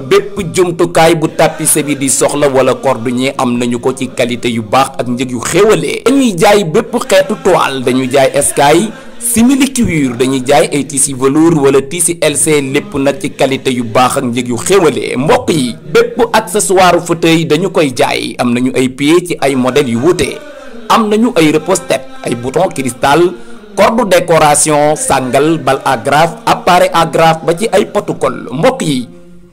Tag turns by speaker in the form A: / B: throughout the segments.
A: bépp jumtukaay bu tapisse bi di soxla wala cordonnier am nañu ko ci qualité yu baax ak njëg yu xéwalee dañuy jaay bépp xeetu toile dañu jaay eskay simili cuir dañuy jaay ay tissu velours wala tissu LC lépp nag ci qualité yu baax ak njëg yu xéwale mbokk yi bépp accessoire fauteuil dañu koy jaay am nañu ay pieds ci ay modèles yu wuute am nañu ay repose-tête ay bouton cristal corde décoration sangal bal agrafe appareil agrafe ba ci ay protocole mbokk yi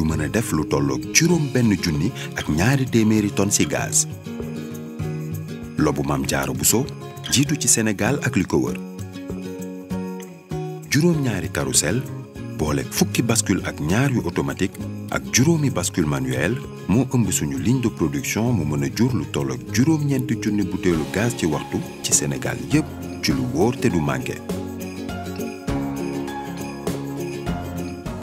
B: yu mën a def lu tolloog juróom junni ak ñaari téeméeri tonnes ci gaz. lobu maam jaaro Bousso jiitu ci senegal ak li ko wër juróom ñaari carrousel boole fukki baskul ak ñaar yu automatique ak juróomi baskul manuel moo ëmb suñu ligne de production mu mën a jur lu toll ak juróom-ñeenti junni butéelu gaz ci waxtu ci Sénégal yépp ci lu wóor te du manqué.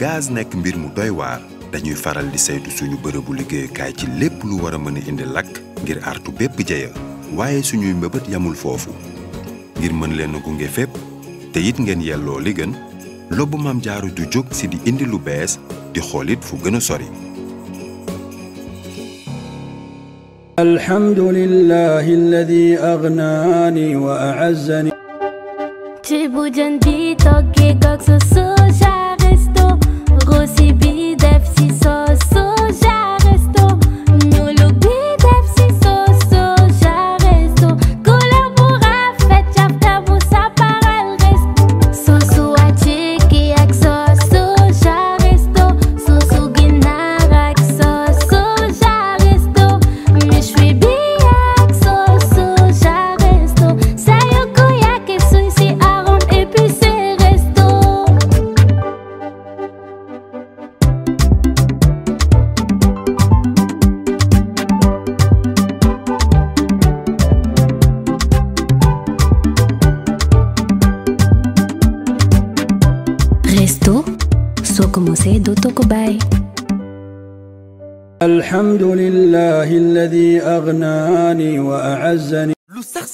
B: gaz nekk mbir mu doy waar. dañuy faral di saytu suñu bërëbu liggéeyukaay ci lépp lu war a mën indi lakk ngir artu bépp jeya waaye suñuy mbëbët yamul foofu ngir mën leen a gunge fépp te it ngeen yelloo li gën lobbu maam jaaru ju jóg si di indi lu bees di xoolit fu gën a sori
C: alhamdulillahi alladi agnaani wa a'azzani
A: الحمد لله الذي أغناني وأعزني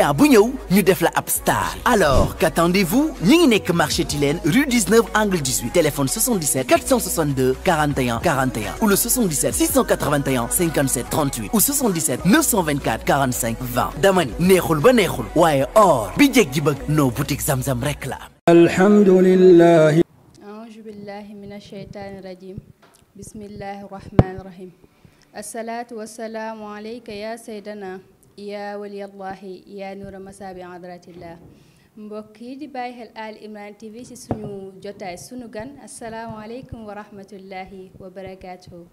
A: client bu ñëw ñu def la ab star alors qu'attendez-vous ñi ngi nekk marché Tilène rue 19 angle 18 téléphone 77 462 41 41 ou le 77 681 57 38 ou 77 924 45 20 dama ni neexul ba neexul waaye or bi jeg ji bëgg noo boutique Zamzam rek la
C: alhamdulillah aouzu billahi minash shaytaani rajim bismillahi rahmaani rahim assalaatu wassalaamu alayka ya sayyidana yaa waliyallaahi yaa nuura masaabi hadratillah mbokk yi di bàyyi xel Ali Imran TV ci suñu jotaay suñu gan asalaamaaleykum wa rahmatullahi wa barakaatuhu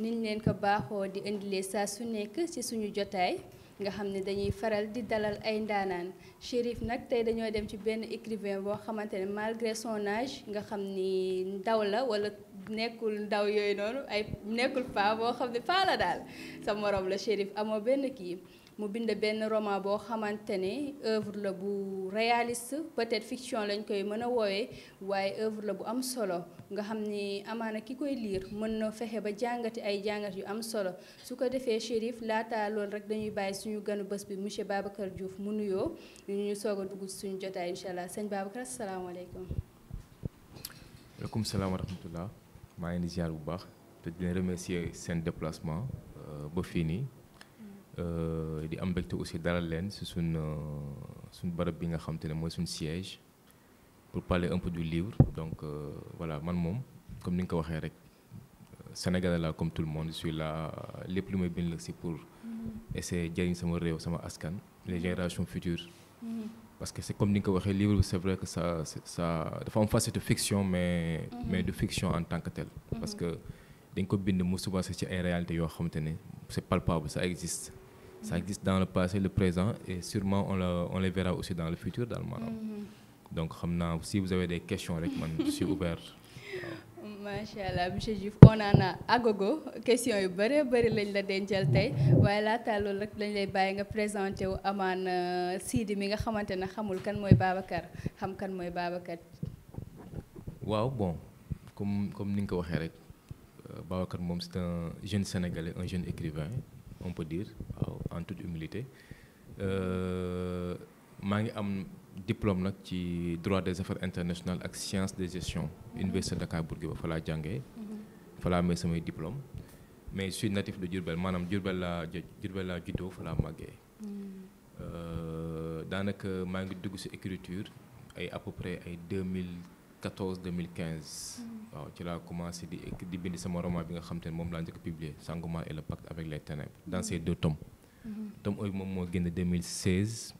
C: niñ leen ko baaxoo di indile saa su nekk ci suñu jotaay nga xam ne dañuy faral di dalal ay ndaanaan Chérif nag tey dañoo dem ci benn écrivain boo xamante ne malgré sonage nga xam ni ndaw la wala nekkul ndaw yooyu noonu ay nekkul paa boo xam ne paa la daal sa morom la Chérif amoo benn kii mu bind benn roman boo xamante ne œuvre la bu réaliste peut-être fiction lañ koy mën a woowee waaye œuvre la bu am solo nga xam ni amaana ki koy liir mën na fexe ba jàngati ay jàngat yu am solo su ko defee Chérif laata loolu rek dañuy bàyyi suñu ganu bës bi monsieur Babacar Diouf mu nuyoo ñu soog a dugg suñu jotaay incha allah sëñ Babacar asalaamaaleykum.
D: waaleykum salaam wa maa ngi leen bu baax te di leen seen déplacement euh, ba fii nii. Euh, di am mbégte aussi dalal leen si suñ euh, suñ barab bi nga xam te ne mooy suñ siège pour parler un peu du livre donc euh, voilà man moom comme ni nga ko waxee rek euh, Sénégalais la comme tout le monde je suis lépp lu may bind la si pour mm-hmm. essayer jëriñ sama réew sama askan les mm-hmm. générations future mm-hmm. parce que c'est comme ni nga ko waxee livre bi c'est vrai que ça ça dafa am facette fiction mais mais de fiction en tant que tel parce que dañ ko bind mu souvent ci ay réalité yoo xamante ne c'est palpable ça existe Ça existe dans le passé, le présent, et sûrement on, le, on les verra aussi dans le futur daal maanaam. Mm-hmm. donc xam naa si vous avez des question rek man je ouvert.
C: macha allah monsieur Diouf on en a agogo question yu bëree bëri lañ la dencal tey waaye laata loolu rek lañ lay bàyyi nga présenté wu amaan euh, Sidi mi nga xamante ne xamul kan mooy Babacar xam kan mooy Babacar.
D: waaw bon comme comme ni nga ko waxee rek euh, Babacar moom c'est un jeune sénégalais un jeune écrivain. on peut dire waaw en toute humilité euh, maa ngi am diplôme nag ci droit des affaires internationales ak science de gestion mm-hmm. université Dakar Bourguiba fa falaa jànge mm-hmm. fa laa samay diplôme mais su suis natif de Diourbel maanaam Diourbel laa Diourbel laa juddoo fa laa mm. euh, daanaka maa ngi dugg si écriture ay à peu près ay mille quinze mm-hmm. waaw ci laa commencé di di bind sama roman bi nga xam te ne moom laa njëkk publier Sangomar et le pacte avec les ténèbres dans mm-hmm. ces deux tomes. Mm-hmm. tome ooyu moom moo génn 2016.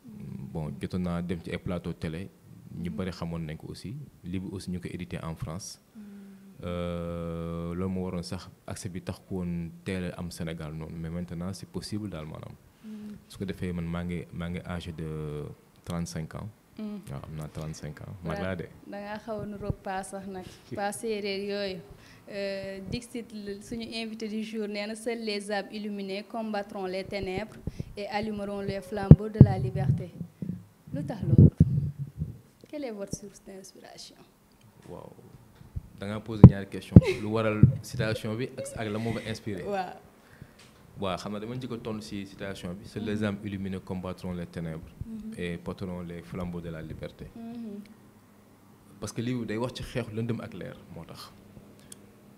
D: bon jotoon naa dem ci ay plateau télé ñu bëri xamoon nañ ko aussi livre aussi ñu ko édité en France. Euh, loolu moo waroon sax accès bi tax ko woon teel am Sénégal noonu mais maintenant c'est possible daal maanaam. su ko defee man maa ngi maa ngi âgé de 35 ans. waaw am na 35 ans mag de.
C: da xaw a niróo Paa sax nag Paa séeréer yooyu. Euh, Dixit suñu invité du jour nee na seuls les âmes illuminées combattront les ténèbres et allumeront les flambeaux de la liberté lu tax loolu. quelle est votre source d'inspiration.
D: waaw da ngaa posé question lu waral citation bi ak la moo ko inspiré. waaw xam naa dama njëkk a tontu ci citation bi seuls les mm-hmm. âmes illuminées combattront les mm-hmm. et porteront les flambeaux de la liberté mm-hmm. parce que lii day wax ci xeex lëndëm ak leer moo tax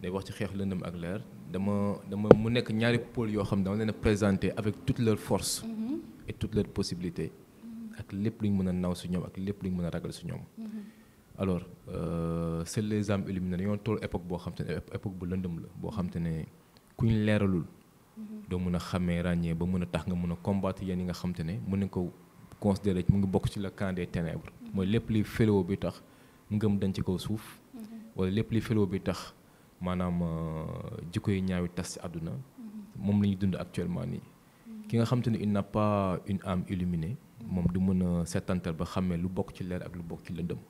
D: day wax ci xeex lëndëm ak leer dama dama mu nekk ñaari pôle yoo xam ne dama leen a présenté avec toute leur force et toute leur possibilité ak lépp lu ñu mën a naw su ñoom ak lépp lu mën a ragal su ñoom alors seuls les âmes illuminées dañoo toll époque boo xam te ne époque bu lëndëm la boo xam ne ku ñu leeralul doo mën a xàmmee ràññee ba mën a tax nga mën a combattre yéen yi nga xam te ne mën nañ ko considérer mu ngi bokk ci le camp des ténèbres mm-hmm. mooy lépp li félo bi tax ngëm dañ ci kaw suuf mm-hmm. wala lépp li félo bi tax maanaam euh, jikko yi ñaawi tas ci àdduna mm-hmm. moom la ñuy dund actuellement nii ki nga xam te ne il n'a une âme illuminée moom du mën a seetantal ba xàmmee lu bokk ci leer ak lu bokk ci lëndëm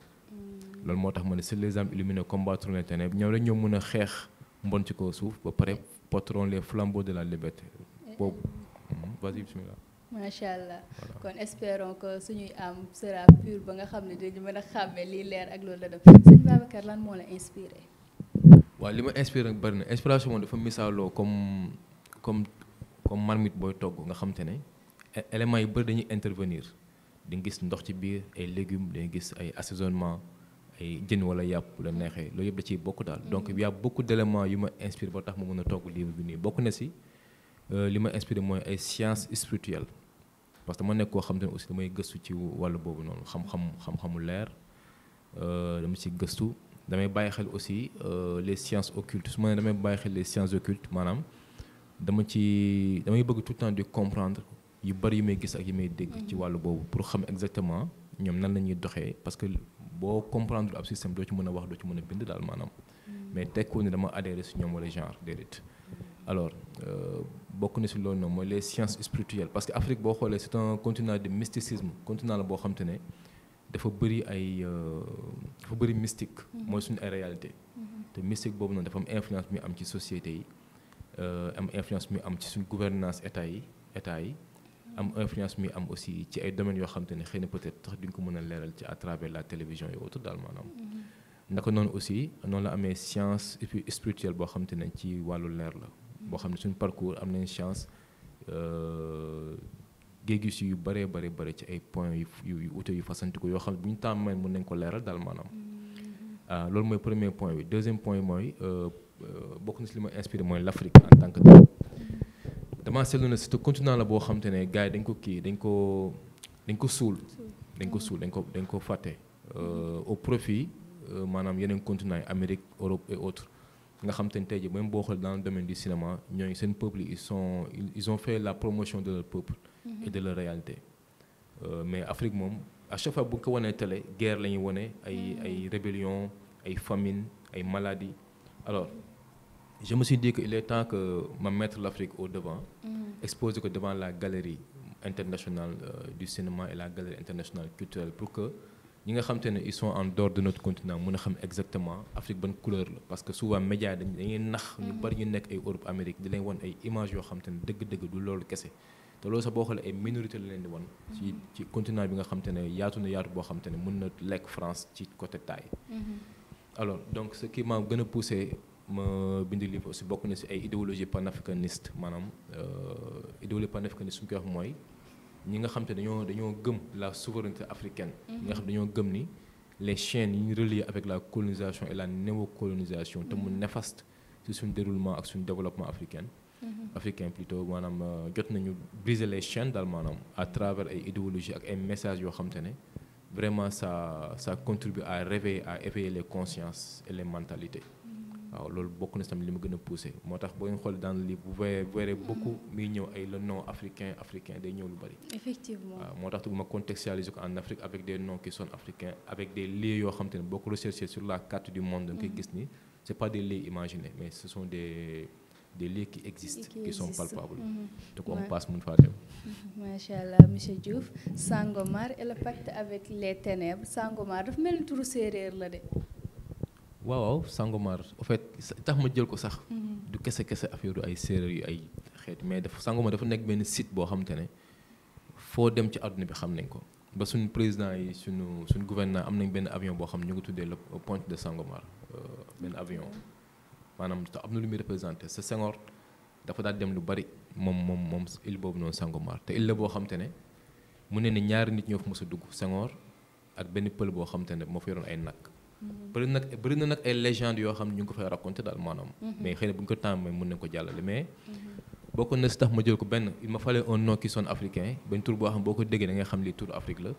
D: loolu moo tax ma ne c'est les âmes illuminées combattre les ténèbres ñoom rek ñoo mën a xeex mbon ci kaw suuf ba pare porteront les flambeaux de la liberté boobu mhm. vas-y bismillah
C: macha allah kon espérons que am sera ba nga xam ne dañu mën a xàmmee lii leer ak loolu la def sëñ Babacar lan moo la inspiré
D: waaw li ma inspiré nag bëri na inspiration moom dafa misaaloo comme comme comme marmite booy togg nga xam te ne éléments yi bëri dañuy intervenir di gis ndox ci biir ay légumes di nga gis ay assaisonnement ay jën wala yàpp la neexee loolu yëpp da ciy bokk daal donc y a beaucoup yu ma inspiré ba tax ma mën a togg livre bi nii bokk na si euh, li ma inspiré mooy ay sciences spirituelles parce que ma nekk koo xam te ne aussi damay gëstu ci wàllu boobu noonu xam-xam xam-xamu leer euh, dama ci gëstu damay bàyyi xel aussi euh, les sciences occultes su ma ne damay bàyyi xel les sciences occultes maanaam dama ci damay bëgg tout temps di comprendre yu bari yu may gis ak yu may dégg ci wàllu boobu pour xam exactement ñoom nan la ñuy doxee parce que boo comprendre ab système doo ci mën a wax doo ci mën a bind daal maanaam mm. mais tekkoo ne dama adhéré si ñoom wala genre déedéet mm. alors euh, bokk na si loolu noonu mooy les sciences spirituelles parce que Afrique boo xoolee c'est un continent de mysticisme continent la boo xam ne dafa bëri ay euh, dafa bëri mystique mm-hmm. mooy suñu ay réalité mm-hmm. te mystique boobu noonu dafa am influence mi am ci société yi euh, am influence mi am ci suñu gouvernance état yi état yi am influence mi am aussi ci ay domaines yoo xam te ne xëy na peut-être tax duñ ko mën a leeral ci à travers la télévision et autres daal maanaam. Mm-hmm. naka noonu aussi noonu la amee science et puis boo xam ne ci wàllu leer la. boo xam ne suñu parcours am nañu chance euh, géej gis yu bëree bëri bëri ci ay points yu yu ute yu fasantiku yoo xam ne bu ñu tàmmee mën nañ ko leeral daal maanaam. Mm-hmm. Ah, loolu mooy premier point bi deuxième point bi mooy euh, euh, bokk na si li ma inspiré mooy l'Afrique en tant que damaa seetlu ne surtout continuant la boo xam te ne gars dañ ko kii dañ ko dañ ko suul dañ ko suul dañ ko dañ ko fàtte euh, au profit euh, maanaam yeneen continent yi Amérique Europe et autres nga xam te tey jii même boo xoolee dans le domaine du cinéma ñooñu seen peuple ils sont ils ont fait la promotion de leur peuple mm-hmm. et de leur réalité euh, mais Afrique moom à chaque fois bu ko wanee tele guerre la ñuy wane ay mm-hmm. ay rébellion ay famine ay maladie alors je me suis dit que il est temps que ma mettre l'Afrique au devant mm. exposer que devant la galerie internationale euh, du cinéma et la galerie internationale culturelle pour que ñi nga xam te ne ils sont en dehors de continent mën a xam exactement Afrique ban couleur la parce que souvent média dañ dañuy nax ñu mm. bari ñu nekk ay Europe Amérique di leen wan ay images yoo xam te ne dëgg-dëgg du loolu kese te loolu sax boo mm. bi nga xam te ne yaatu na yaatu boo xam te ne mën na lekk France ci côté taille
E: mm-hmm.
D: alors donc ma bind livre aussi bokk na si ay idéologie panafricaniste maanaam euh, idéologie panafricaniste suñu koy wax mooy ñi nga xam te dañoo dañoo gëm la souveraineté africaine. Mhm. ñi nga xam dañoo gëm ni les chaînes yi ñu reliées avec la colonisation et la néocolonisation te mu mhm. néfaste si suñu déroulement ak suñu développement africain. Mhm. africain plutôt maanaam euh, jot nañu briser les chaînes daal maanaam à travers ay idéologie ak ay messages yoo xam ne vraiment sa ça contribue à réveiller à éveiller les consciences et les mentalités. waaw loolu bokk na si tamit li ma gën a poussé moo tax boo ñu xool dans le bu voyez bu verrez beaucoup muy mm-hmm. ñëw ay la nom africain africain day ñëw lu bari.
C: effectivement waaw moo
D: tax ma contextualiser ko en Afrique avec des noms qui sont africains avec des lieux yoo xam te ne boo ko recherché sur la mm-hmm. gis ni c' est pas des lieux imaginés mais ce sont des des lieux qui existent qui, qui sont palpables. Mm-hmm. te ko am paas mun faa dem.
C: macha allah monsieur Diouf Sangomar et le pacte avec les ténèbres Sangomar dafa mel ni turu séeréer la de.
D: waaw waaw Sangomar en fait tax ma jël ko sax. Mhm. du kese kese affaire ay séeréer yu ay xeet mais dafa Sangomar dafa nekk benn site boo xam ne foo dem ci àdduna bi xam nañ ko ba suñu président yi suñu suñu gouvernement am nañ benn avion boo xam ne ñu ngi tuddee le Pointe de Sangomar euh, benn avion maanaam te am na lu muy représenté sa Senghor dafa daal dem lu bari moom moom moom île boobu noonu Sangomar te île la boo xam ne mu ne ni ñaari nit ñoo fa mos a dugg Senghor ak benn pël boo xam ne moo fa ay nakk Mm-hmm. bëri nag bëri na nag ay légendes yoo xam ne ñu ngi ko fay raconté daal maanaam. Mm-hmm. mais xëy na bu ñu ko tàmmee mën nañu ko jàllale mais. Mm-hmm. bokkoon na si tax ma jël ko benn il ma fallait un nom qui boo xam boo ko déggee da nga xam lii tur Afrique la.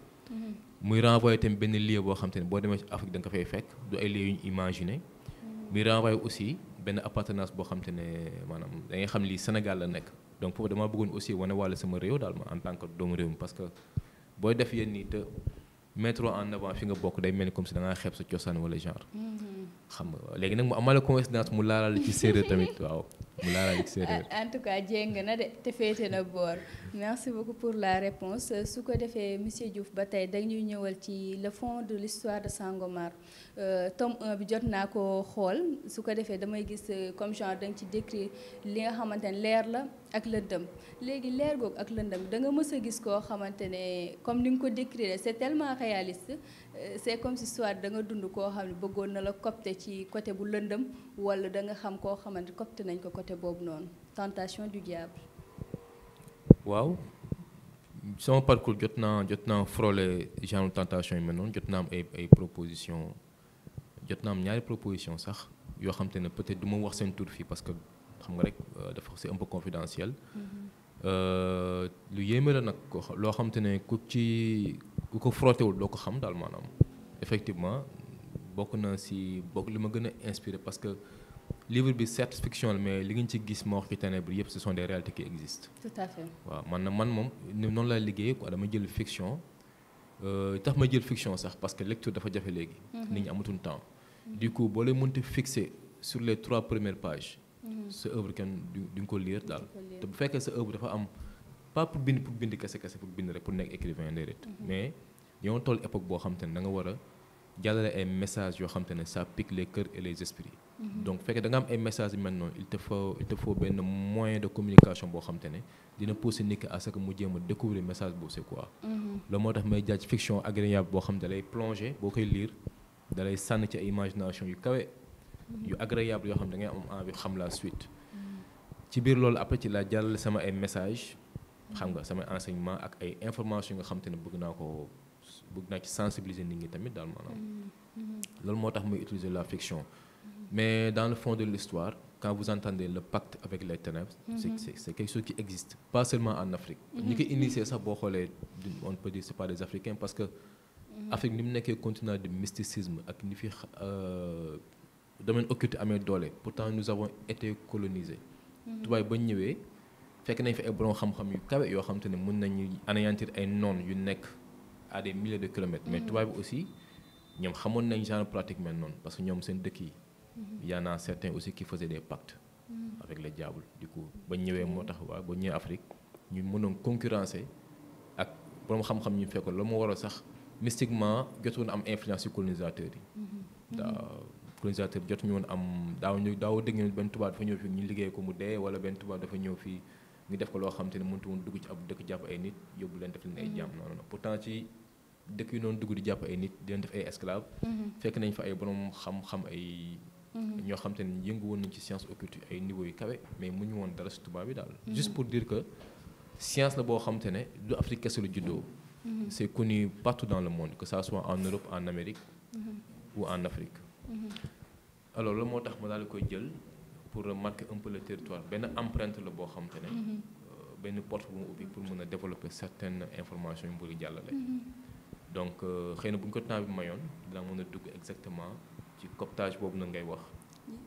D: muy renvoyé tamit benn lieu boo xam te ne boo demee ci Afrique da nga ko fay fekk du ay lieux yu ñu imaginé. muy renvoyé aussi benn appartenance boo xam te ne maanaam da nga xam lii Sénégal la nekk donc foofu damaa bëggoon aussi wane wàll sama réew daal ma en tant que doomu réew mi mettre en avant fi nga bokk day mel ni comme si da ngaa sa cosaan wala genre. Mm-hmm. xam nga léegi nag mu amala coïncidence mu laalaale ci séeréer tamit waaw. mu laal ak séeréer
C: en tout cas jéng na de te féete na boor merci beaucoup pour la réponse su ko defee monsieur Diouf ba tey dañuy ñëwal ci le fond de l'histoire de Sangomar euh, tom 1 bi jot naa ko xool su ko defee damay gis euh, comme genre da nga ci décrire li nga xamante ne leer la ak lëndëm léegi leer googu ak lëndëm da nga mës gis koo xamante ne comme ni nga ko décrire c'est tellement réaliste euh, c'est comme si soit da dund koo xam ne bëggoon na la copte ci côté bu lëndëm wala da nga xam koo xamante copte nañ ko côté boobu tentation du diable.
D: waaw sama parcours jot naa jot naa frole genre tentation yi mel noonu jot naa am ay ay proposition jot naa am ñaari proposition sax yoo xam ne peut-être du ma wax seen tur fii parce que xam nga rek euh, dafa c'est un peu confidentiel. Mm-hmm. Euh, lu yéeme la nag loo xam te ne ku ci ku ko frottéwul doo ko xam daal maanaam effectivement bokk na si bokk li ma gën a inspiré parce que. livre bi certes fiction la mais li ngeen ci gis ma wax ci ténèbres yëpp ce sont des réalités qui waaw man na man moom noonu laa liggéeyee ko dama jël fiction euh, tax ma jël fiction sax parce que lecture dafa jafe léegi. Mhm. nit ñi amatuñ temps. du coup boo lay mënti fixé sur les trois premières pages. Mhm. sa œuvre kenn du nga ko lire daal. te bu fekkee sa œuvre dafa am pas pour bind pour bind kese kese pour bind rek pour nekk écrivain déedéet. Mhm. mais yow toll époque boo xam ne da nga war a jàllale ay messages yoo xam ne ça pique les et les esprits. Mhm. donc bu fekkee da nga am ay message yu mel noonu il te foo il te faut benn moyen de communication boo xam ne dina pousser nit ki à ce que mu jéem a message boo c'est quoi. Mhm. loolu moo tax may jaaj fiction agréable boo xam ne da lay plonger boo koy lire da sànn ci ay imagination yu kawe mhm. yu agréable yoo xam da ngay am envie xam la suite. ci biir loolu après ci laa jàllale sama ay messages xam nga sama enseignement ak ay informations yi nga xam ne bëgg naa ko bëgg naa ci sensibiliser nit ñi tamit daal maanaam. loolu moo tax muy utiliser la fiction. Mais dans le fond de l'histoire, quand vous entendez le pacte avec les ténèbres, mm -hmm. c'est quelque chose qui existe, pas seulement en Afrique. Mhm. Nous qui initié ça, on peut dire que ce pas des Africains, parce que l'Afrique mhm. n'est qu'un continent de mysticisme, avec euh, domaine occulte amee doole pourtant nous avons été colonisés. Mhm. tubaab ba ñu ñëwee fekk nañ fi ay borom xam-xam yu kawe yoo xam te ne mën nañu anéantir ay noon yu nekk à des milliers de kilomètres. mais tubaab bi aussi ñoom xamoon nañ genre pratique mel parce que ñoom seen dëkk yi. Il y en a certains aussi qui faisaient des pactes avec le diable du coup ba ñëwee moo tax waa ba ñëwee Afrique ñu mënoon concurrencer ak boroom xam-xam ñu fekk la mu waral sax mystiquement jotoon am influence ci colonisateur yi. Mm-hmm. colonisateur bi jotuñu woon am daaw ñu daaw dégg ñu benn tubaab dafa ñëw fii ñu liggéey ko mu dee wala benn tubaab dafa ñëw fii ñu def ko loo xam te ne mënut woon dugg ci ab dëkk jàpp ay nit yóbbu leen def leen ay jàmm mm-hmm. non non pourtant ci dëkk yu noonu dugg di jàpp ay nit di leen def ay esclaves. Mm-hmm. fekk ay. Mm-hmm. ñoo xam te ne yëngu woon nañ ci science occulte ay niveau yu kawe mais mu ñu woon dara si tubaab yi daal. Mm-hmm. juste pour dire que science la boo xam ne du Afrique kese lu juddoo. Mm-hmm. c' est connu partout dans le monde que ça soit en Europe en Amérique. ou en Afrique. alors la moo tax ma daal koy jël pour marquer un peu le territoire benn empreinte la boo xam ne. Euh, benn porte bu mu ubbi pour mën a développer certaines informations yu mu bëgg jàllale. donc euh, xëy na buñ ko temps mayoon dinaa mën ci cooptage boobu na ngay wax.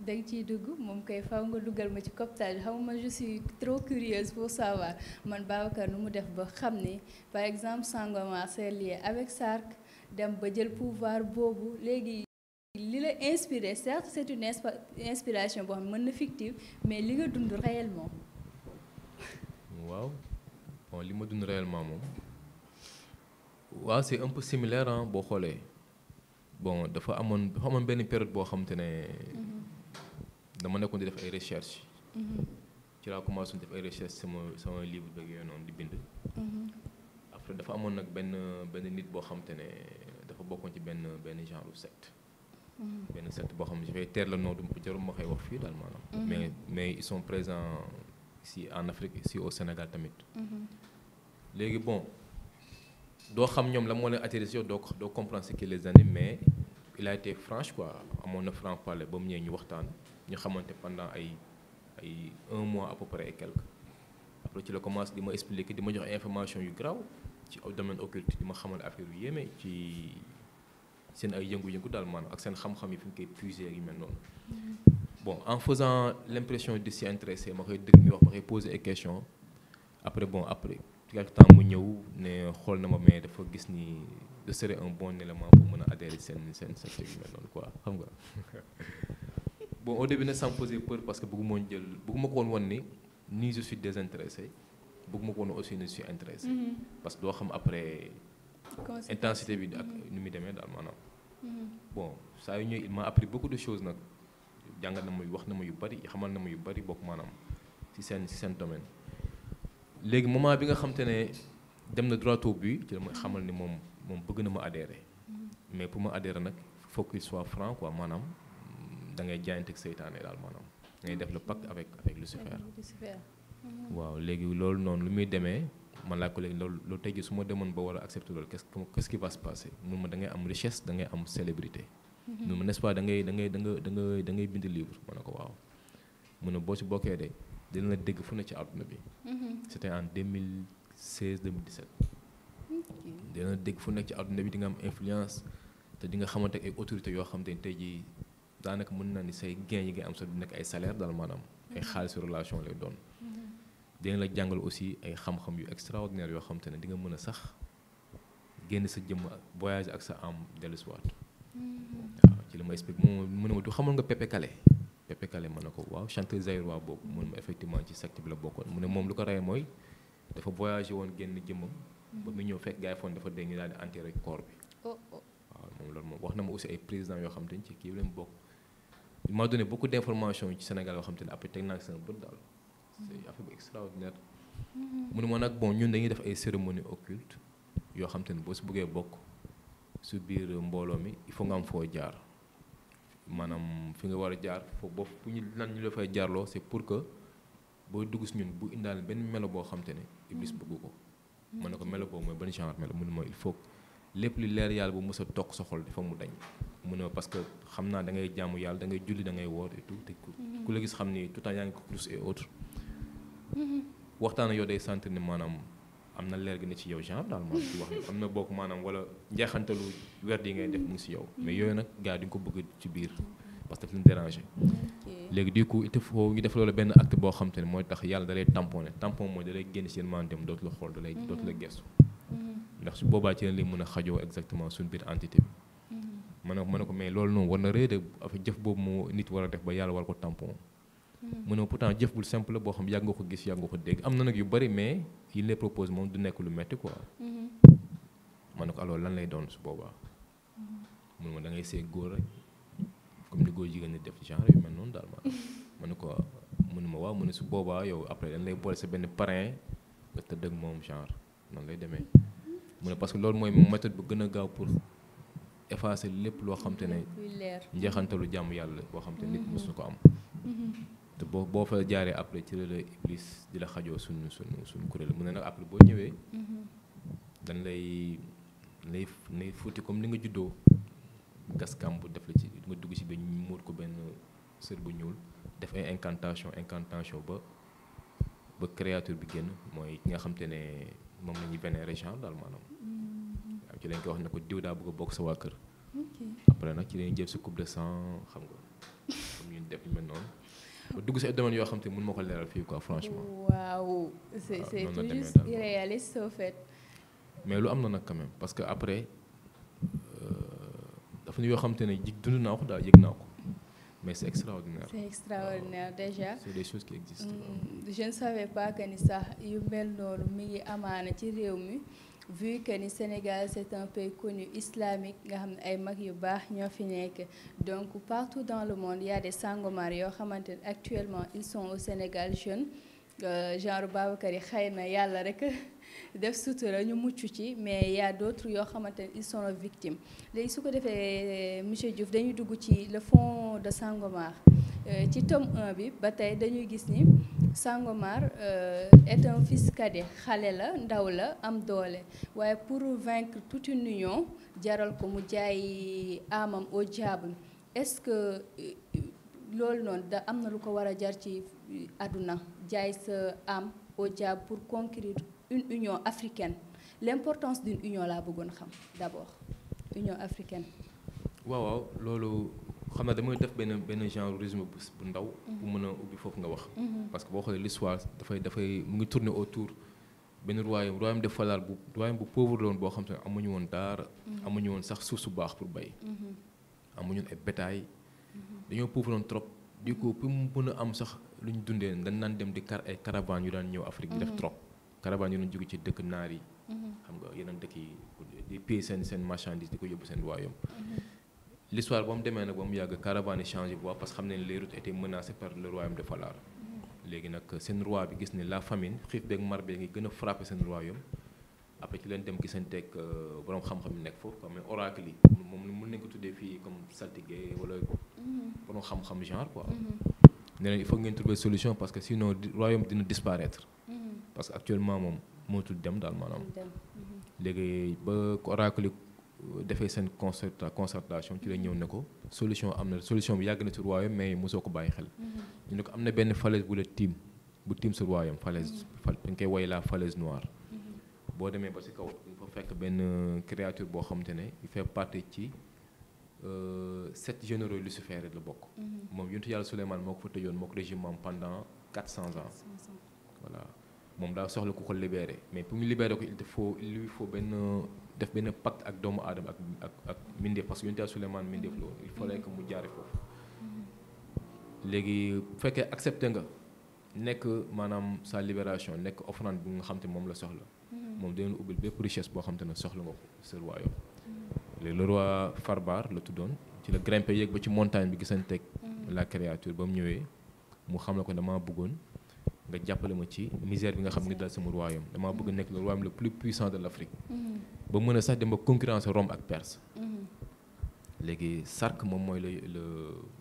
C: da nga ciy dugg moom kay faw nga dugal ma ci cooptage xaw ma je suis trop curieuse pour savoir man Babacar nu mu def ba xam ni par exemple Sangomar c'est lié avec SARC dem ba jël pouvoir boobu léegi. li la inspiré certes c'est une inspiration boo xam ne mën na fictive mais li nga dund réellement.
D: waaw li ma dund réellement moom. waaw c'est un peu similaire boo xoolee. bon dafa amoon dafa amoon benn période boo xam ne mhm. dama nekkoon di def ay recherche mhm. ci laa commencé def ay recherche sama sama livre beeg yooyu noonu di bind mhm. après dafa amoon nag benn benn nit boo xam ne dafa bokkoon ci benn benn genre secte benn secte boo xam ne dafay teer la noonu du ma koy wax fii daal maanaam mais mais ils sont si en Afrique si au Sénégal tamit léegi bon doo xam ñoom la moo leen attiré si yow doo doo comprendre ce qui les anime mais il a franche quoi amoon na franc parler ba mu ñëwee ñu waxtaan ñu xamante pendant ay ay un mois à peu quelque après ci la commencé di ma expliquer di ma jox information yu graw ci domaine occulte di ma xamal affaire yu yéeme ci seen ay yëngu-yëngu daal maanaam ak seen xam-xam yi fi ñu koy puiser yu mel noonu mm-hmm. bon en faisant l'impression de s'y intéresser ma koy dégg ñu wax ma koy poser ay questions après bon après quelque temps mu ñëw ne xool na ma mais dafa gis ni ce serait un bon élément pour mën a adhérer seen seen seen segment noonu quoi xam nga bon au début nag ça me peur parce que bëgguma woon jël bëgguma ko woon woon ni nii je suis désintéressé bëgguma ko woon aussi ni je suis intéressé mm-hmm. parce que doo xam après intensité bi ak mm-hmm. nu muy demee daal maanaam mm-hmm. bon saa yu ñëw il après appris beaucoup de choses nag jàngal na ma wax na ma yu bari xamal na ma yu bari bokk maanaam ci seen ci léegi moment bi nga xam ne dem na droit bi but ci la ma xamal ni moom moom bëgg na ma adhérer mais pour ma adhérer nag faut qu'il soit franc quoi maanaam da ngay jaayanteeg seytaane daal maanaam ngay def le pacte avec avec Lucifer. Mhm. waaw léegi loolu noonu lu muy demee man laa ko léegi loolu loolu tey su ma demoon ba war a accepter loolu qu'est-ce qu'est-ce qui va se passer mun ma da ngay am richesse da ngay am célébrité. Mhm. mun pas da ngay da ngay da nga da nga ngay bind livre ma ko waaw mun na boo ci bokkee de dina la dégg fu ne ci àdduna bi. Mhm. c'était en 2016 2017. dina dégg fu nekk ci àdduna bi di nga am influence te di nga xamante ay autorité yoo xam te ne tey jii daanaka mën naa ni say gain yi ngay am sax du nekk ay salaire daal am ay mhm. xaalisu relation lay doon. Mhm. dina la jàngal aussi ay xam-xam yu extraordinaire yoo xam te ne di nga mën a sax génn sa jëmm voyage ak sa am dellusiwaat. Mhm. waaw ci li ma explique moom mën na ma du xamoon nga Pépé Kale Pepe Kale mën na ko waaw chanteuse zaïrois boobu mun ma effectivement ci secte bi la bokkoon mu ne moom lu ko rey mooy dafa voyagé woon génn jëmmam ba mu ñëw fekk gars yi foon dafa dégg ñu daal di enterré corps bi oh, oh. moom loolu moom wax na ma aussi ay président yoo xam te ne ci kii lañ bokk m'a donné beaucoup d' information ci Sénégal yoo xam te ne après teg naa sama bët daal c'est affaire bu mm-hmm. mu ne ma nag bon ñun dañuy def ay cérémonie occulte yoo xam ne boo si bëggee bokk su biir mbooloo mi il faut nga am foo jaar maanaam fi nga war a jaar foofu boobu fu ñu lan ñu la fay jaarloo c'est pour que boo dugg si ñun bu indaale benn melo boo xam te ne iblis mm. bëgg ko. mën mm. na ko melo boobu mooy benn genre melo mu ne ma il faut lépp li leer yàlla bu mës a toog sa xol dafa mu dañ. mu ne parce que xam naa da ngay jaamu yàlla da ngay julli da ngay woor et tout te ku mm-hmm. la gis xam ni tout temps yaa ngi ko plus et autre. waxtaan ak yow sentir ne maanaam. am na leer gi ne ci yow genre daal maa ci wax am na bokk maanaam wala njeexantalu werd yi ngay def mu ngi si yow ma yooyu nag gars di nga ko bëgg ci biir parce que daf leen déranger léegi du coup il faut ñu def loolu benn acte boo xam ne mooy tax yàlla dalay lay tamponné tampon mooy da lay génn seen maanaam dootu la xool da mhm. dootu la gestu mhm. ndax su boobaa ci leen li mën a xajoo exactement suñu biir entité bi ma ne ma ne ko mais loolu noonu war na rëy jëf boobu moo nit war def ba yàlla war ko tampon mu ne pourtant jëf bul simple la boo xam yàgg nga ko gis yàgg nga ko dégg am na nag yu bari mais yi les propose moom du nekk lu metti quoi. Mm-hmm. ma ne ko alors lan lay doon su boobaa. Mm-hmm. mu ma da ngay seeg góor comme ni góor jigéen ñi def genre yu mel noonu daal ma ma ne ko mu ma waaw mu ne su boobaa yow après dañ lay boole sa benn parrain nga tëdd ak moom genre noonu lay demee. Mm-hmm. mu ne parce que loolu mooy méthode bu gën a gaaw pour effacer lépp loo xam te ne. njeexantalu jàmm yàlla boo xam te nit mos ko am. te boo boo fa jaaree après ci la la iblis di la xajoo suñu suñu suñu kuréel mun ne nag après boo ñëwee. Mm-hmm. dañ lay lay lay fuuti comme ni nga juddoo gas kàmb def la ci nga dugg ci ba ñu muur ko benn sër bu ñuul def ay incantation incantation ba ba créature bi génn mooy ki nga xam ne moom la ñuy vénéré genre daal maanaam. Mm-hmm. waaw ci lañ koy wax ne ko diw daa bëgg a bokk sa waa kër. après nag ci lañ jël si coupe de sang xam nga comme ñun def mel noonu. dugg si ay domaines yoo xam te mun mën ma ko leeral fii quoi franchement.
C: waaw c'est tout juste irréaliste au fait.
D: mais lu am na nag quand parce que après euh, dafa ñu yoo xam te ne jig dund naa ko daal yëg naa ko mais c'est extraordinaire.
C: déjà. c'est des
D: choses qui existent. Mm,
C: je ne savais ni sax yu mel noonu mi ngi amaana ci réew mi. vu que ni Sénégal c'est un pays connu islamique nga xam ne ay mag yu baax ñoo fi nekk donc partout dans le monde il y a Sangomar yoo xamante ne actuellement ils sont au Sénégal jeunes euh, genre Babacar yi xëy na yàlla rek def sutura ñu mucc ci mais il d'autres yoo xamante ne ils son les victimes léegi su ko defee monsieur Diouf dañuy dugg ci le fond de Sangomar Euh, ci tome 1 bi ba tey dañuy gis ni Sangomar euh, est un xale la ndaw la am doole waaye pour vaincre toute une union jaral ko mu jaay amam au diable est-ce que euh, loolu noonu da am na lu ko war a jar ci àdduna jaay sa am au pour conquérir une union africaine l'importance d'une union laa bëggoon xam d'abord union africaine
D: waaw waaw loolu xam naa damay def benn benn genre résumé bu bu ndaw. bu mhm. mën a ubbi foofu nga wax. Mhm. parce que boo xoolee l'histoire dafay dafay mu ngi tourner autour benn royaume royaume def Falaar bu royaume bu pauvre la boo xam te ne amuñu woon daara. Mhm. amuñu woon sax suuf su baax pour bay. amuñu woon ay bétail. dañoo pauvre woon trop di ko mu mën a am sax lu ñu dundee dañ naan dem di kar ay caravanes yu daan ñëw Afrique di def trop. caravanes yu doon jóge ci dëkk naar yi. xam nga yeneen dëkk yi di payer seen seen marchandise ko yóbbu seen royaume. l'histoire ba mu demee nag ba mu yàgg caravane yi changé voie parce que xam nañ les routes étaient menacées par le royaume de Falaar léegi nag seen roi bi gis ne la famine xiif beeg mar beeg ngi gën a frappé seen royaume après ci leen dem euh, nekk foofu comme ko tuddee fii comme saltige wala borom xam-xam genre quoi mm-hmm. ne leen il faut ngeen trouver solution parce que sinon royaume dina disparaître mm-hmm. parce que actuellement moom mootul dem daal maanaam mm-hmm. léegi ba oracle defee seen concerta concertation ci la ñëw ne ko solution am na solution bi yàgg na ci royaume mais mosoo ko bàyyi xel. Mm-hmm. ñu ne ko am na benn falaise bu la bu tiim sa royaume falaise mm-hmm. dañ koy woy la falaise noire. Mm-hmm. boo demee ba si kaw nga fa benn créature boo xam te ne il fait partie ci euh, sept généraux Lucifer la bokk. moom yonentu yàlla Souleymane moo ko fa tëjoon moo ko régime am pendant quatre cent ans. daa soxla ku ko libéré il faut il lui faut benn. def benn pacte ak doomu aadama ak ak ak mbindeef parce que yonent Yàlla Suleymaan mbindeef la woon il fallait que mu jaare foofu léegi bu fekkee accepté nga nekk maanaam sa libération nekk offrande bi nga xam te moom la soxla moom dinañ ubbil bépp richesse boo xam ne soxla nga ko sa royaume léegi le roi Farbar la tuddoon ci la grimpé yéeg ba ci montagne bi gisante ak la créature ba mu ñëwee mu xam la ko damaa bëggoon nga jàppale ma ci misère bi nga xam ngi dal sama royaume damaa bëgg nekk le royaume le plus puissant de l'Afrique ba mën a sax dem ba concurrence Rome ak Perse. Mhm. léegi Sark moom mooy la la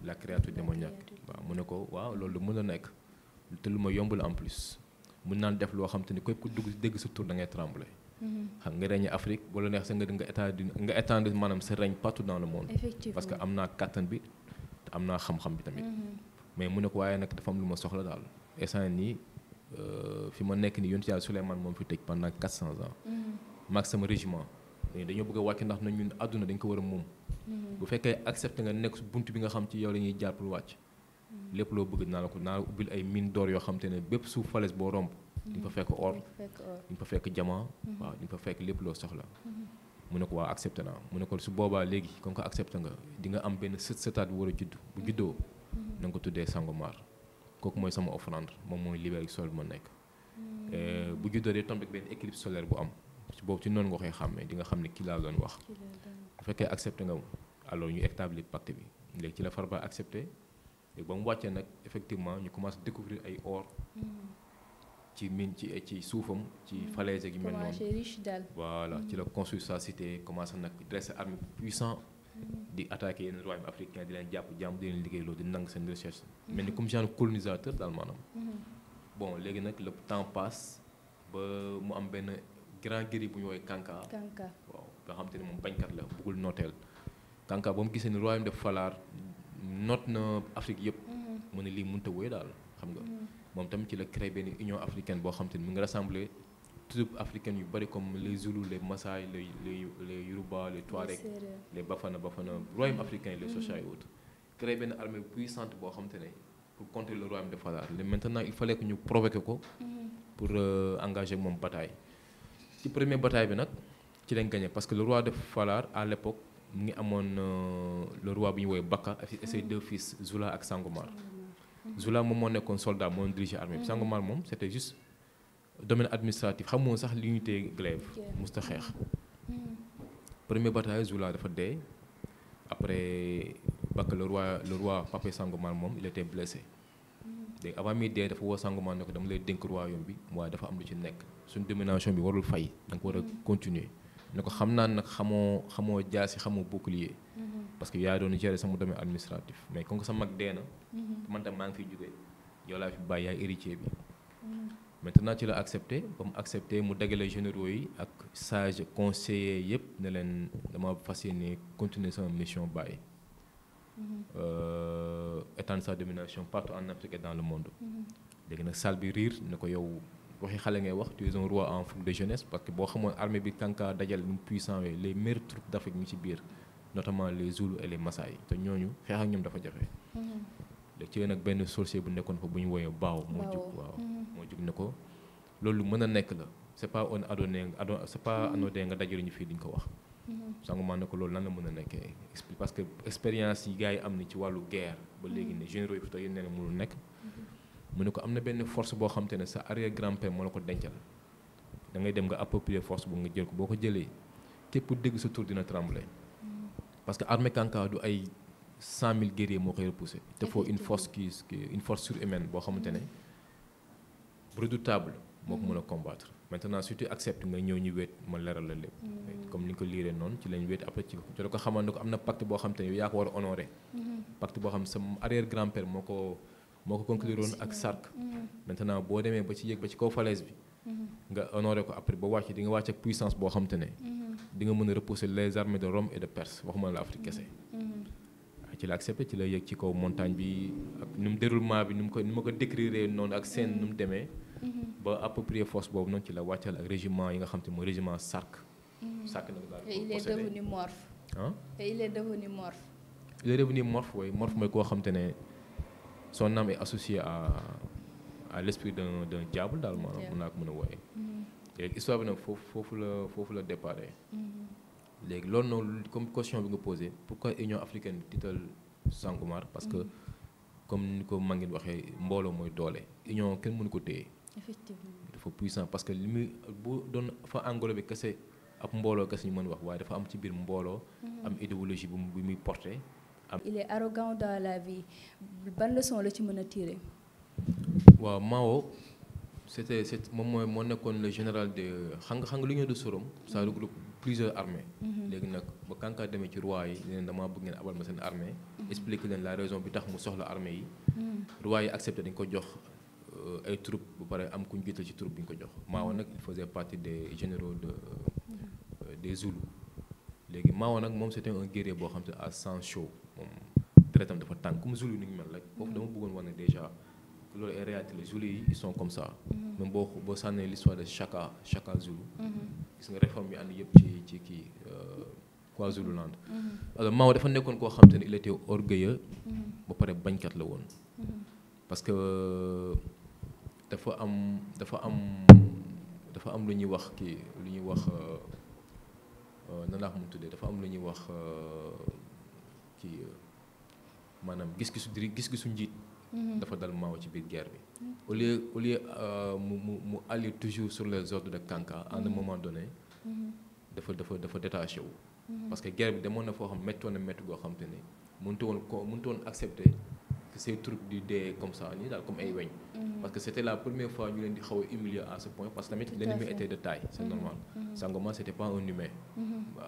D: la créature démoniaque waaw mu ne ko waaw loolu mën a nekk te lu ma yombul en plus mun naan def loo xam te ni képp ku dugg dégg sa da ngay trembler. Mhm. xam nga règne Afrique wala neex sa nga nga étendre nga étendre maanaam sa règne partout dans le monde. parce que am naa kàttan bi am naa xam bi tamit. Mhm. mais mu ne ko waaye nag dafa am lu ma soxla daal instant nii euh, fi ma nekk nii yonent Yàlla Souleymane moom fi tëj pendant 400 ans. maag sama régiment dañoo bëgg a wàcc ndax na ñun àdduna dañ ko war a moom mhm. bu fekkee accepté nga nekk bunt bi nga xam ci yow la ñuy jaar wàcc mhm. lépp loo bëgg naa la ko naa la ay mine d'or yoo xam ne bépp suuf falaise boo romb di nga mhm. fekk or di nga fa fekk diamant waaw fa fekk lépp loo soxla mu ne ko accepté naa mu ne ko su boobaa léegi comme que accepté nga di nga am benn sët sëtaat bu war a juddu bu juddoo na ko tuddee Sangomar kooku mooy sama offrande moom mooy libéré sol bi ma nekk eh, bu juddoo dee tombé benn éclipse solaire bu am ci boobu ci noonu nga koy xàmmee di nga xam ne kii laa doon wax bu fekkee accepté nga alors ñu établir pacte bi léegi ci la Farba accepté léegi ba mu wàccee nag effectivement ñu commencé découvrir ay or mm-hmm. ci mine ci ci suufam ci mm-hmm. falaise gi mel noonu
C: voilà ci
D: la mm-hmm. construire sa cité commencé nag dresser armée puissant di attaqué yeneen royaume africain di leen jàpp jàmm di leen liggéey loolu di seen recherche mel ni comme genre colonisateur daal maanaam bon léegi nag le temps passe ba mu am benn grand guerrier bu ñu woowee Kanka. Kanka waaw nga xam ne moom bañkat la bëggul nooteel. Kanka ba mu gisee ni royaume de Falaar noot na Afrique yëpp. Mhm. mu ne lii mënut a wéy daal xam nga. Mhm. moom tamit ci la créé benn union africaine boo xam te ni mu ngi rassemblé troupes africaines yu bari comme les Zoulous les Maasai les les les Yoruba les Touareg. les Bafana Bafana royaume mhm. africain les Socha et autres. benn armée puissante boo xam te ne pour contrer le royaume de Falaar mais maintenant il fallait ñu provoqué ko. pour euh, engager moom bataille. ci premier bataille bi nag ci lañ gagné parce que le roi def Falaar à l'époque mu ngi amoon euh, le roi bu ñu woowee Bakka ak ses deux fils Zula ak Sangomar Zula moom moo nekkoon soldat moo dirigé armée bi mm-hmm. Sangomar moom c'était juste domaine administratif xamoo sax li l'unité glaive musta xeex
E: mm-hmm.
D: premier bataille Zula dafa dee après Bakka le roi le roi Pape Sangomar moom il était blessé léegi avant muy dee dafa woo sangumaan ne ko dama lay dénk royaume bi waaye dafa am lu ci nekk suñ domination bi warul fay da ko war a mm-hmm. continuer ne ko xam naa ne nag xamoo xamoo jaasi xamoo bouclier mm-hmm. parce que yaa doon gérer sama domaine administratif mais comme sa mag dee na mm-hmm. man tam maa ngi fiy jógee yow laa fi bàyyi yaay héritier bi maintenant ci la accepté ba mu accepté mu dagale généraux yi ak sage conseiller yëpp ne leen dama fas yéene continuer sama mission bàyyi Euh, étendre sa domination partout en Afrique dans le monde. léegi nag salle bi riir ne ko yow waxi xale ngay wax tu es un roi en fougue de jeunesse parce que boo xamoon armée bi tànkaa dajal nu mu puissant wee les meilleures troupes d'Afrique ñu ci biir notamment les Zoulous et massa Maasai te ñooñu xeex ak ñoom dafa jafe. léegi ci nag benn sorcier bu nekkoon fa bu ñu woowee baaw moo jug waaw mm-hmm. moo jug ne ko loolu mën a nekk la c'est pas on adonné adon c'est pas mm-hmm. anodin nga dajale ñu fii di ko wax. sangumaan ne ko loolu nan la mën a nekkee parce que expérience yi gars yi am ni ci wàllu guerre ba léegi ne généraux yi plutôt yéen ne mënul nekk mu ne ko am na benn force boo xam ne sa arrière grand-père moo la ko dencal da ngay dem nga approprier force bu nga jël ko boo ko jëlee képp dégg sa tur dina trembler parce que armée Kanka du ay cent mille guerriers moo koy repousser te faut une force qui une force surhumaine boo xamante ne redoutable moo ko mën a combattre maintenant si tu acceptes nga ñëw ñu wéet ma leeral la lépp. Mm. comme ni ko liiree noonu ci lañ wéet après ci la ko xamal ne ko am na pacte boo xam te ne yaa ko war a honoré. Mm-hmm. pacte boo xam sa arrière grand père moo ko moo ko conclure ak Sark. Mm-hmm. Mm-hmm. maintenant boo demee ba ci yéeg ba ci kaw falaise bi. nga honoré ko après ba wàcc di nga wàcc ak puissance boo xam te ne. di nga mën a repousser les armées de Rome et de Perse waxuma la Afrique kese. Ah, ci la accepté ci la yéeg ci kaw montagne bi nu mu déroulement bi nu mu ko nu ma ko décrire noonu ak scène nu mu demee. ba approprier force boobu noonu ci la wàccal ak régiment yi nga xam te mooy régiment Sark.
C: Mm-hmm. Sark nag daal il est devenu morphe.
D: ah il mooy koo xam te ne son âme est associée à à l' esprit d'un d'un daal maanaam mën naa mën a wooyee. léegi mm-hmm. histoire bi nag foofu la foofu la départ. Mm-hmm. léegi loolu noonu comme question bi nga posé pourquoi Union africaine tiital Sangomar parce que comme ni ko Mangin waxee mbooloo mooy doole Union kenn mënu ko téye. effectivement dafa puissant parce que li muy bu doon fa Angola bi kese ab mbooloo kese ñu mën wax waaye dafa am ci biir mbooloo. Mhm. am idéologie bu muy porté. il est
C: arrogant dans la vie ban leçon la ci mën a tiré.
D: waaw Mao c'était c'est moom mooy moo nekkoon le général de xam nga xam nga l'Union de Sorom mhm. ça regroupe plusieurs armées. Mhm. léegi nag ba Kanka demee ci roi yi leen damaa bëgg ngeen abal ma seen armée. expliquer leen la raison bi tax mu soxla armée yi. roi yi accepté dañ ko jox. Euh, ay troupe bu pare am ku ñu jiital ci troupe bi ñu ko jox Maowa nag il faisait partie de généraux de euh, euh, des Zoulous léegi Maowa nag moom c'était un guerrier boo xam te à sang chaud moom deretam dafa tàng comme Zoulou ñu mel rek foofu dama bëggoon wax ne déjà loolu en réalité les comme ça mm-hmm. même boo boo sànnee l'histoire de Chaka Chaka Zoulou mm-hmm. gis nga réforme yi ànd yëpp ci ci kii KwaZululand mm-hmm. alors Maowa dafa nekkoon koo xam te ne il était orgueilleux ba pare bañkat la woon parce dafa am dafa am dafa am lu ñuy wax kii lu ñuy wax euh, euh, nan laa ko mën tuddee dafa am lu ñuy wax euh, kii maanaam gis-gisu diri gis-gisu njiit. Mm-hmm. dafa dal maaw ci biir guerre bi. au lieu au lieu mu mu mu aller toujours sur les ordres de Kanka à un mm-hmm. moment donné. Mm-hmm. dafa dafa dafa détaché wu. parce que guerre bi demoon na foo xam méttoon na métti goo xam te ne mënut woon ko mënut woon accepter ces troupes di dee comme ça nii daal comme ay weñ. Mm-hmm. parce que c' était la première fois ñu leen di xaw a humilier à ce point parce que tamit l'ennemi était de taille c' est mm-hmm. normal mm-hmm. Sangomar c' était pas un humain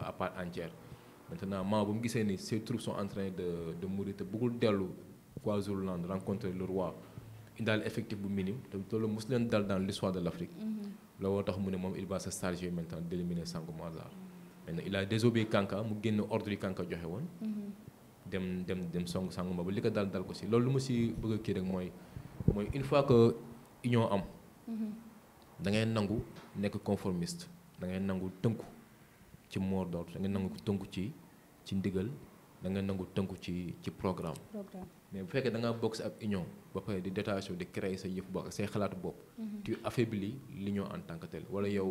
D: à part entière maintenant maa bu mu gisee ni ces troupes sont en de de te bëggul dellu kwazulu le roi indaale effectif bu loolu de l' Afrique la woo tax moom il va se charger maintenant d' éliminer Sangomar maintenant il a désobéi Kanka mu génn ordre Kanka joxe woon dem dem dem song Sangomar ba li ko dal dal ko si loolu lu ma si bëgg kii rek mooy mooy il faut que union am mhm. da ngay nangu nekk conformiste da ngay nangu tënku ci mot d'ordre da ngay nangu tënku ci ci ndigal da ngay nangu tënku ci ci programme mais bu fekkee da nga bokk si ak union ba pare di détaché di créer sa yëf bopp say xalaatu bopp mhm. tu affaiblis l'union en tant que telle wala yow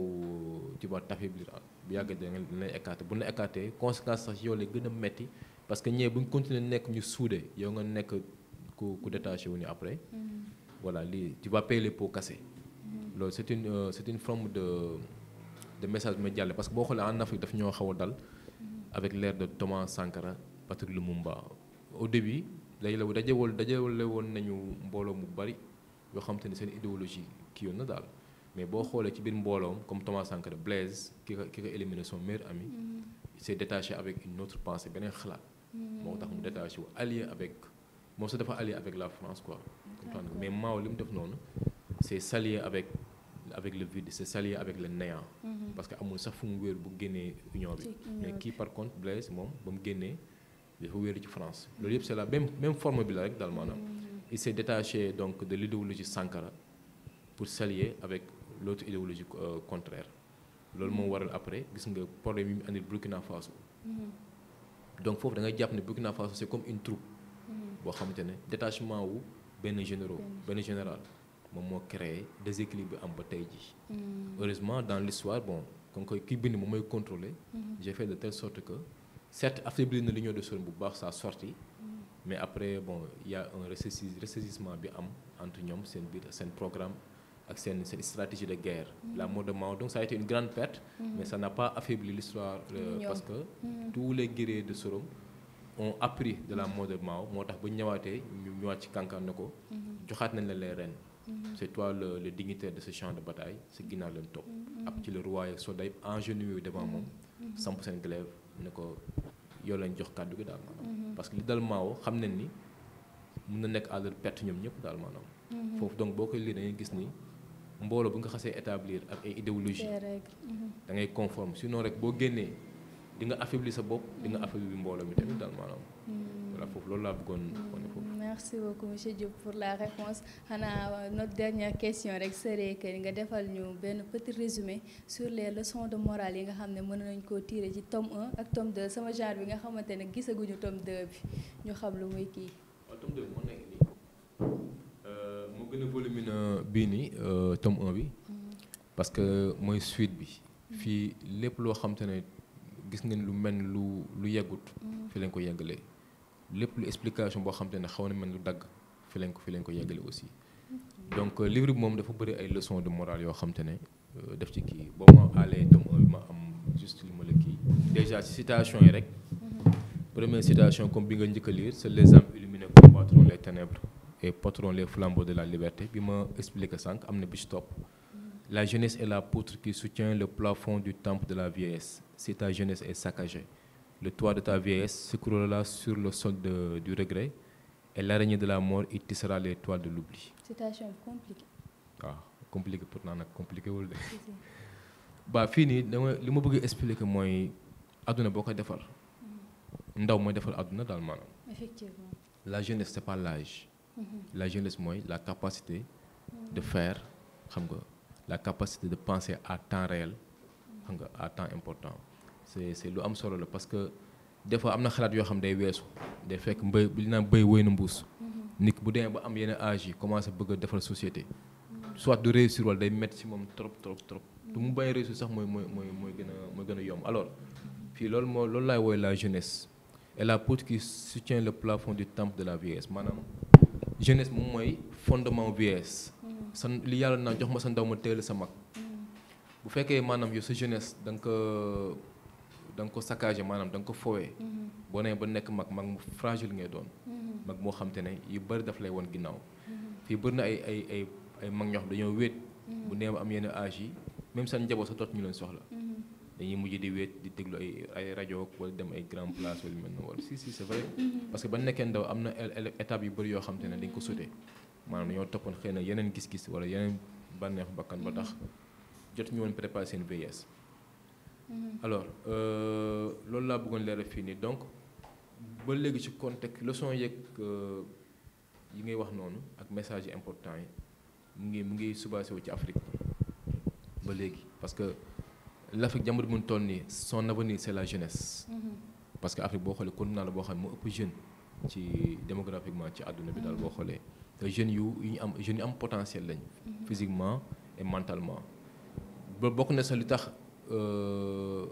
D: tu vas t'affaiblir bu yàggee danga lay écarté bu la écarté conséquence sax yow lay gën a metti parce que ñee bu ñu continuer nekk ñu suudee yow nga nekk ku ku wu après mhm. voilà lii tu vas payer les pots cassés mm-hmm. loolu c' une euh, c' est une forme de de message bu may jàlle parce que boo xoolee en Afrique daf ñoo xaw a dal mm-hmm. avec l'ère de Thomas Sankara Patrick Lumumba au début dañ la dajewal dajewale woon nañu mbooloo mu bari yoo xam te ne seen idéologie kii yoon na daal mais boo xoolee ci biir mbooloom comme Thomas Sankara Blaise ki ko ki ko éliminé son ami mm-hmm. s'est détaché avec une autre pensée beneen xalaat moo tax mu détaché wu allié avec moom sax dafa allié avec la France quoi comprendre mais Mao li mu def noonu c'est s'allier avec avec le vide c'est s'allier avec le néant mm-hmm. parce que amul sax fu mu wéer bu génnee union bi mais kii par contre Blaise moom ba mu génnee dafa wéeru ci France loolu yëpp c'est la même même forme bi la rek daal maanaam mm-hmm. il s'est détaché donc de l'idéologie Sankara pour s'allier avec l'autre idéologie euh, contraire loolu moo waral après gis nga problème yi mu andil Burkina Faso
E: mm-hmm.
D: donc foofu da jàpp ne Burkina Faso c'est comme une boo xamante ne détachement wu benn généraux benn général moom moo créé déséquilibre bi am ba tey ji hmm. heureusement dans l'histoire bon kon koy kii bind moom mooy contrôler hmm. j'ai fait de telle sorte que certes affaibli na l'union de Soroñ bu baax sa sorti hmm. mais après bon y a un ressaisi ressaisissement bi am entre ñoom seen biir seen programme ak seen seen stratégie de guerre la mort de Mao donc ça a été une grande perte mais ça n'a pas affaibli l'histoire euh, parce que tous les guerriers de Soroñ on appris de la mort de Mao moo tax bu ñu ñëwaatee ñu ñëwaat ci kànkaan ne ko. Mhm. joxaat nañ la les ren mhm. c'est toi le le dignitaire de ce champ de bataille sa ginnaaw leen topp. Mhm. ab ci le roi ak soldat yëpp engenouillé devant moom. samp seen glaive ne ko yow lañ jox kàddu gi daal maanaam. parce que li dal Mao xam nañ ni mun na nekk à leur perte ñoom ñëpp daal maanaam. foofu donc boo koy lii dañuy gis ni mbooloo bu nga xasee établir ak ay idéologie da ngay conforme sinon rek boo génnee. di nga sa bopp di nga affaibli mbooloo mi tamit daal maanaam. Hmm. voilà foofu loolu laa bëggoon wane foofu.
C: question rek serait nga defal ñu benn petit résumé sur les de morale yi nga xam ne mën nañ koo tirer ci tome ak tome sama genre bi nga xamante ne gisaguñu tome 2 ñu xam muy kii.
D: waaw tome 2 bi moo nekk nii euh, euh, hmm. que mooy suite bi. fii lépp loo xam ne. gis ngeen lu mel lu lu yeggut mm. fi lañ ko yeggalee lépp lu explication boo xam te ne xaw na mel lu dagg fi lañ ko fi lañ ko yeggalee aussi donc euh, livre bi moom dafa bëri ay leçons de morale yoo xam ne euh, def ci kii boo ma àllee itam euh, ma am juste li ma la kii déjà ci citation yi rek mm-hmm. première citation comme bi nga njëkk a lire c'est les âmes illuminées combattront et porteront les flambeaux de la liberté bi ma expliqué sànq am na bi ci La jeunesse et la poutre qui soutient le plafond du temple de la vieillesse. Si ta jeunesse est saccagée, le toit de ta vieillesse s'écroulera sur le sol de, du regret et l'araignée de la mort y tissera les de l'oubli.
C: Citation compliquée.
D: waaw ah, compliqué pour naa nag compliqué wul de. ba fii nii dama li ma bëgg expliquer mooy àdduna boo koy defar.
E: Mm-hmm.
D: ndaw mooy defar àdduna daal maanaam.
E: effectivement
D: la jeunesse c'est pas l'âge. Mm-hmm. la jeunesse mooy la capacité de mm-hmm. faire xam nga. la capacité de penser à temps réel xam nga à temps important c'est c'est lu am solo la parce que des am na xalaat yoo xam day weesu day fekk mbéy li naan béy woy na mbuus mm-hmm. nit bu demee ba am yenn âge yi commencé bëgg a defar société soit du réussir day métti si moom trop trop trop du mu bay réussir sax mooy mooy mooy mooy gën a mooy gën a yomb alors fii loolu moo loolu laay wooy la jeunesse et la politique qui soutient le plafond du temps de la vieillesse maanaam jeunesse moom mooy fondement vieillesse sa li yàlla naan jox ma sa ndaw ma teel sa mag bu fekkee maanaam yow sa jeunesse da nga ko da nga ko saccagé maanaam da nga ko fowee boo nee ba nekk mag mag mu fragile ngay doon mag moo xam te ne yu bëri daf lay won ginnaaw fii bëri na ay ay ay ay mag ñoo xam dañoo wéet bu nee am yenn âge yi même seen njaboot sa dootu ñu leen soxla dañuy mujj di wéet di déglu ay ay rajo wala dem ay grand place wala mel na wala si si c'est vrai parce que ba nekkee ndaw am na étape yu bëri yoo xam ne dañ ko sotee maanaam dañoo toppoon xëy na yeneen gis-gis wala yeneen bànneexu bakkan ba tax jot ñu woon préparé seen VIS. Mm-hmm. alors euh, loolu laa bëggoon leeral fii nii donc ba léegi ci contexte leçon yeeg euh, yi ngay wax noonu ak message yi important yi mu ngi mu ngi subaase wu ci Afrique ba léegi parce que l'Afrique jamono mun toll nii son avenir c'est la jeunesse. Mm-hmm. parce que Afrique boo xoolee continent la boo xam ne moo ëpp jeune ci démographiquement ci àdduna bi daal boo xoolee. jeunes yu ñu am jeunes yu am potentiel lañ mhm. physiquement et mentalement ba bokk na sax li tax euh,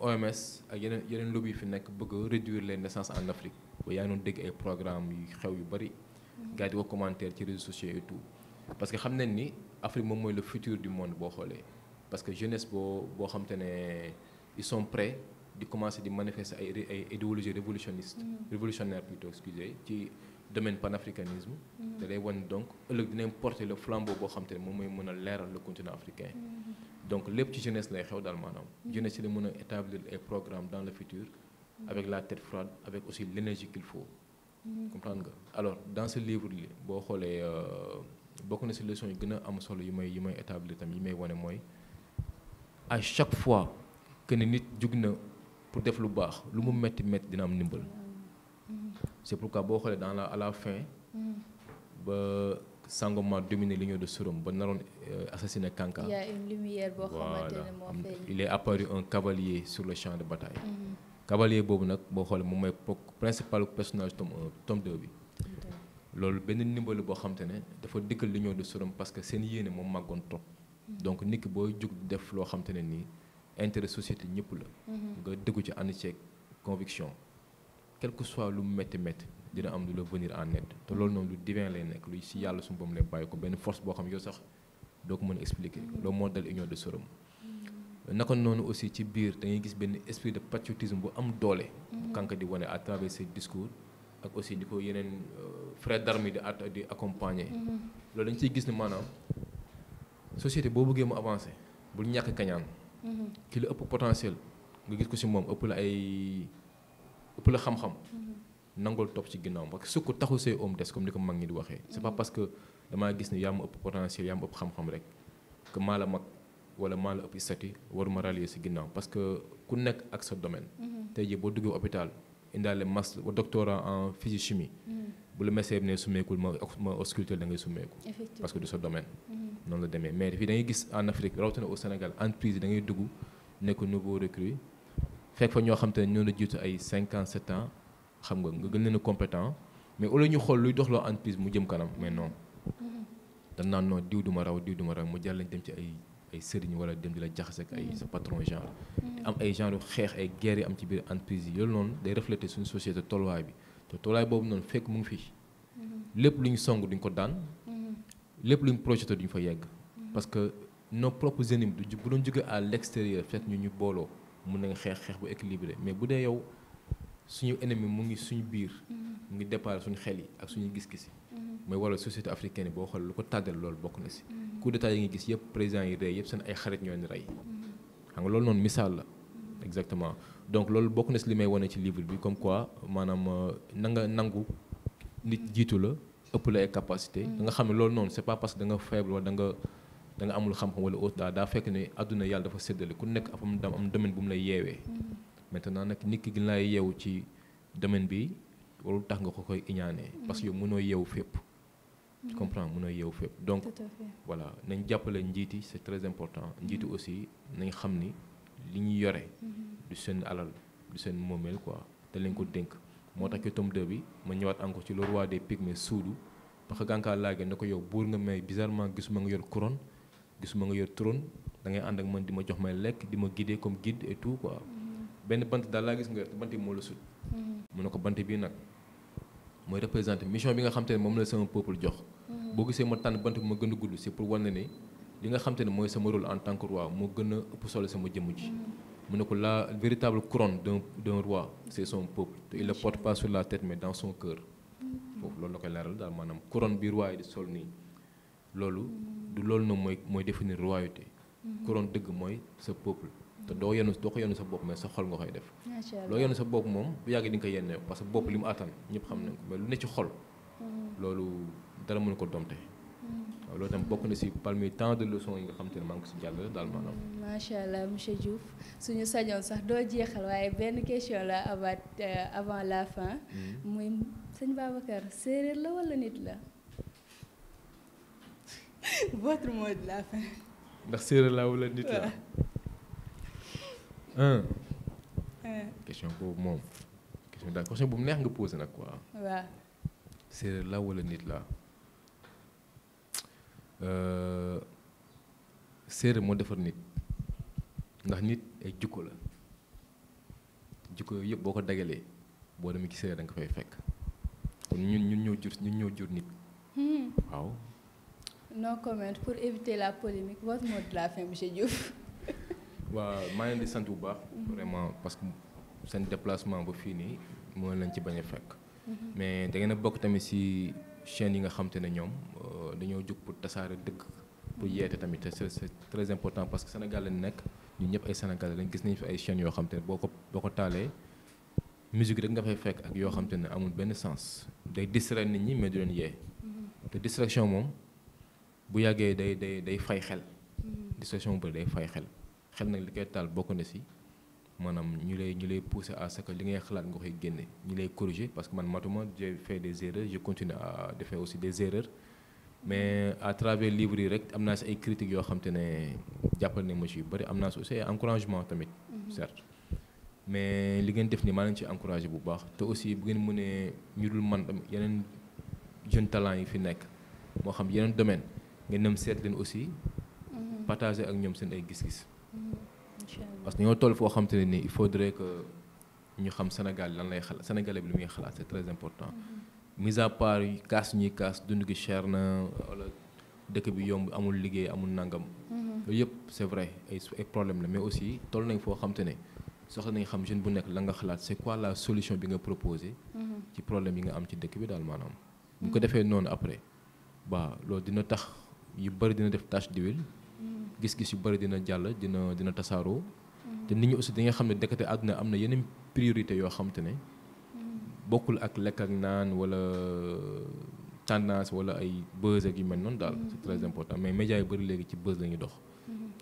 D: OMS ak yeneen yeneen lobby yi fi nekk bëgg a réduire leen naissances en Afrique ba yaa ngi doon ay programme yu xew yu bëri mhm. gars yi di ko commentaire ci réseaux sociaux et tout parce que xam nañ ni Afrique moom mooy le futur du monde boo xoolee parce que jeunesse boo boo xam te ne il sont près di commencer di manifester ay ay idéologie révolutionniste mhm. révolutionnaire plutôt excusez ci domaine panafricanisme da lay wan donc ëllëg dinañ porté le flambeau boo xam ne moom mooy mën a leeral le continent africain mm-hmm. donc lépp ci jeunesse lay xew daal maanaam mm-hmm. jeunesse si la mën a établir ay programmes dans le futur mm-hmm. avec la tête froide avec aussi l'énergie qu'il faut comprendre nga alors dans ce livre li boo xoolee euh, bokk na si leçon yu gën a am solo yu may yi may établir tam yi may wane mooy à chaque fois que nit jug na pour def lu baax lu mu metti metti dina am ndimbal c'est pourquoi boo xoolee dans la à la fin. Mm. ba Sangomar dominer l'union de Sorum ba naroon euh, assassiné Kanka. il y a une
C: lumière boo xamante ne moo feeñ. il
D: est apparu un cavalier sur le champ de bataille. Mm-hmm. cavalier boobu nag boo xoolee moom mooy principal personnage tome un tome deux bi. loolu benn ndimbalu boo xamante ne dafa dikkal l'union de Sorum parce que seen yéene moom màggoon trop. Mm-hmm. donc nit booy jug def loo xamante ne nii intérêt société ñëpp la. Mm-hmm. nga dëggu ci ànd ceeg conviction. quel que soit lu mu métti métti dina am lu la venir en aide te loolu noonu lu divin lay nekk luy si yàlla suñu boom lay bàyyi ko benn force boo xam yow sax doo ko mën a expliquer mm. loolu moo dal union de Sërëm mm. naka noonu aussi ci biir da ngay gis benn esprit de patriotisme bu am doole. bu mm. Kanka di wane à travers ses discours ak aussi di ko yeneen euh, frères d'armes yi di at accompagner. loolu dañ ciy gis ne maanaam société boo bëggee mu avancer bul ñàkk kañaan. Mm-hmm. ki la ëpp potentiel nga gis ko si moom ëpp la ay. ëpp la xam-xam nangul topp ci ginnaawam parce su ko taxu say homme des comme ni ko mag ñi di waxee c'est pas parce que damaa gis ni yaa ma ëpp potentiel yaa ma ëpp xam-xam rek que maa la mag wala maa la ëpp statut waruma rallier si ginnaaw parce que ku nekk ak sa domaine mm-hmm. tey jii boo duggee hôpital indaale mas ba doctorat en physique chimie mm-hmm. bu la mesee ne sumeekul ma ma ausculté da ngay summeeku parce que du sa domaine mm-hmm. noonu la demee mais fii da ngay gis en Afrique rawatina au Sénégal entreprise da ngay dugg nekk nouveau fekk fa ñoo xam ne ñoo la jiitu ay cinq ans sept ans xam nga nga gën leen a compétent mais au lieu ñu xool luy doxloo entreprise mu jëm kanam mais non mm-hmm. dañ naan non diw du ma raw diw du ma raw mu jàll lañ dem ci ay ay sëriñ wala dem di la jaxase ak ay mm-hmm. sa patron genre mm-hmm. am ay genre xeex ay guerre yi am ci biir entreprise yi loolu noonu day refléter suñu société tolluwaay bi te tolluwaay boobu noonu fekk mu ngi fi lépp lu ñu song duñ ko daan lépp lu ñu projeté duñ fa yegg parce que nos propres ennemis bu doon jóge à l'extérieur fekk ñu ñu booloo mun nañ xeex xeex bu équilibré mais bu dee yow suñu ennemi mu ngi suñu biir. mu mm-hmm. ngi départ suñu xel yi ak suñu gis-gis yi. Mm-hmm. mooy waral société africaine yi boo xool lu ko tàddal loolu bokk na si. Mm-hmm. coup d'état yi nga gis yëpp président yi rey yëpp seen ay xarit ñoo leen rey. xam nga loolu noonu misaal la. exactement donc loolu bokk na si li may wane ci libre bi comme quoi maanaam euh, nanga nga nangu nit jiitu la ëpp la ay capacité nga xam ne loolu noonu c'est pas parce que da da nga. da amul xam-xam wala autre daa fekk ne àdduna yàlla dafa séddale ku nekk afam dam am domaine bu mu lay yeewee mm-hmm. maintenant nag nit ki gën laay yeewu ci domaine bi warul tax nga ko koy iñaanee mm-hmm. parce que mënoo yeewu fépp tu mm-hmm. comprends mënoo fépp donc voilà nañ jàppale njiiti c'est très important njiiti aussi nañ xam ni li ñu yore du seen alal du seen moomeel quoi te lañ ko dénk moo tax ki tome 2 bi ma ñëwaat encore ci le roi des pygmées suudu parce que gànkaa laage na ko yow buur nga may bizarrement gisuma nga yor couronne gisuma nga yor trône da ngay ànd ak man di ma jox may lekk di ma guider comme guide et tout quoi mm-hmm. benn bant daal laa gis nga bant bi moo la sut mm-hmm. mu ne ko bant bii nag mooy représenté mission bi nga xam te ne moom la sama peuple jox mm-hmm. boo gisee ma tànn bant bi ma gën a gudd c'est pour wane ne li nga xam te ne mooy sama rol en tant que roi moo gën a ëpp solo sama jëmm ji mu ne ko laa véritable couronne d'un d'un roi c'est son peuple te il le porte pas la tête mais dans son cœur loolu la koy leeral daal maanaam couronne bi roi sol nii loolu du loolu noonu mooy mooy définir royauté. couronne mm-hmm. dëgg mooy sa peuple. te doo yenu doo ko yenu sa bopp mais sa xol nga koy def. loo yenu sa bopp moom bu yàgg di nga ko yenn parce que bopp li mu attan ñëpp xam nañ ko mm-hmm. mais lu ne ci xol. Mm-hmm. loolu dara mënu ko domte. waaw loolu bokk na si parmi tant de leçons yi nga xam te ne ko si jàll daal maanaam.
C: macha allah monsieur Diouf suñu sañoon sax doo jeexal waaye benn question la avant euh, avant la fin. muy sëñ Babacar séeréer la wala nit la. votre mot de la fin.
D: ndax séeréer laa wala nit la. un. question boobu moom question daal question bu mu neex nga posé nag quoi. waaw. séeréer laa wala nit la euh, séeréer moo defar nit ndax nit ay jukko la jukko yëpp boo ko dagalee boo demee ci séeréer da nga fay fekk kon ñun ñun ñëw jur ñun ñoo jur nit. Hmm. waaw.
C: non comment pour éviter la polémique votre mot de la fin monsieur Diouf.
D: waaw maa ngi di sant bu baax. vraiment parce que seen déplacement ba fii nii moo leen ci bañ a fekk. Mhm. mais da ngeen a bokk tamit si chaîne yi nga xam ne ñoom euh, dañoo jóg pour tasaare dëgg. pour mhm. yeete tamit c'est c'est très important parce que Sénégal lañ nekk ñun ñëpp ay Sénégalais lañ gis nañ fi ay chaînes yoo xam ne boo ko boo ko taalee. musique rek nga fay fekk ak yoo xam ne amul benn sens day distraire nit ñi mais du leen yee. Mhm. te distraction moom. bu yàggee day day day fay xel. distraction bu bëri day fay xel xel nag li koy taal bokk na si maanaam ñu lay ñu lay pousser à ce li ngay xalaat nga koy génne ñu lay corriger parce que man matuma j'ai fait des erreurs je continue à de faire aussi des erreurs mais à travers livre yi rek am naa si ay critiques yoo xam te ne jàppal ne ma yu bëri am naa si aussi ay encouragement tamit. Mhm. certes mais li ngeen def nii maa leen si encouragé bu baax te aussi bu ngeen mënee ñu man yeneen jeune talent yi fi nekk moo xam yeneen domaine. ngeen dem seet leen aussi. Mhm. partager ak ñoom seen ay gis-gis. Mhm. parce que ñoo toll foo xam ne nii il faudrait que ñu xam Sénégal lan lay xalaat sénégalais bi lu muy xalaat c'est très important. Mhm. mise à part kaas ñuy kaas dund gi cher na walla dëkk bi yomb amul liggéey amul nangam. loolu yëpp c'est vrai ay ay problème la mais aussi toll nañ foo xam ne soxla nañ xam jeune bu nekk la nga xalaat c'est quoi la solution bi nga proposé. ci problème yi nga am ci dëkk bi daal maanaam. bu ko defee noonu après yu bëri dina def tâche d'huile gis-gis yu bëri dina jàll dina dina tasaaroo te nit ñi aussi di nga xam ne dekkate àdduna am na yeneen priorité yoo xam ne bokkul ak lekk ak naan wala tendance wala ay buzz ak yu mel noonu daal c'est très important mais médias yu bëri léegi ci buzz la ñuy dox